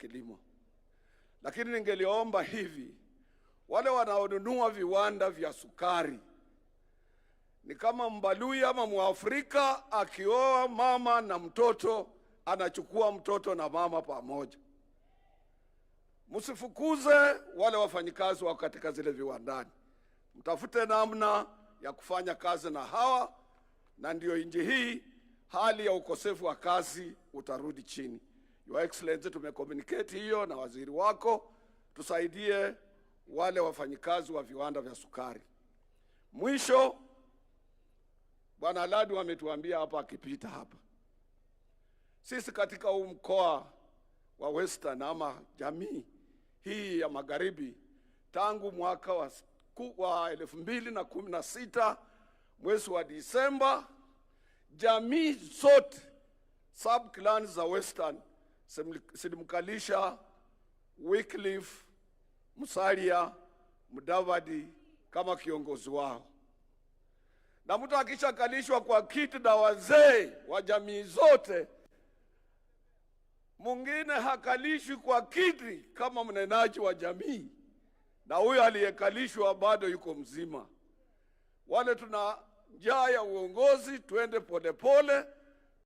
kilimo. Lakini ningeliomba hivi, wale wanaonunua viwanda vya sukari ni kama Mbaluya ama Mwafrika akioa mama na mtoto, anachukua mtoto na mama pamoja. Msifukuze wale wafanyikazi wa katika zile viwandani, mtafute namna ya kufanya kazi na hawa, na ndio nchi hii hali ya ukosefu wa kazi utarudi chini. Your Excellency, tumecommunicate hiyo na waziri wako, tusaidie wale wafanyikazi wa viwanda vya sukari. Mwisho, Bwana Ladu ametuambia hapa akipita hapa, sisi katika huu mkoa wa Western ama jamii hii ya magharibi tangu mwaka wa, wa elfu mbili na kumi na sita mwezi wa Disemba, jamii zote sub clans za Western Silimkalisha, Wycliffe Musalia Mudavadi kama kiongozi wao. Na mtu akishakalishwa kwa kiti na wazee wa jamii zote, mwingine hakalishwi kwa kiti kama mnenaji wa jamii, na huyo aliyekalishwa bado yuko mzima. Wale tuna njaa ya uongozi, tuende polepole pole.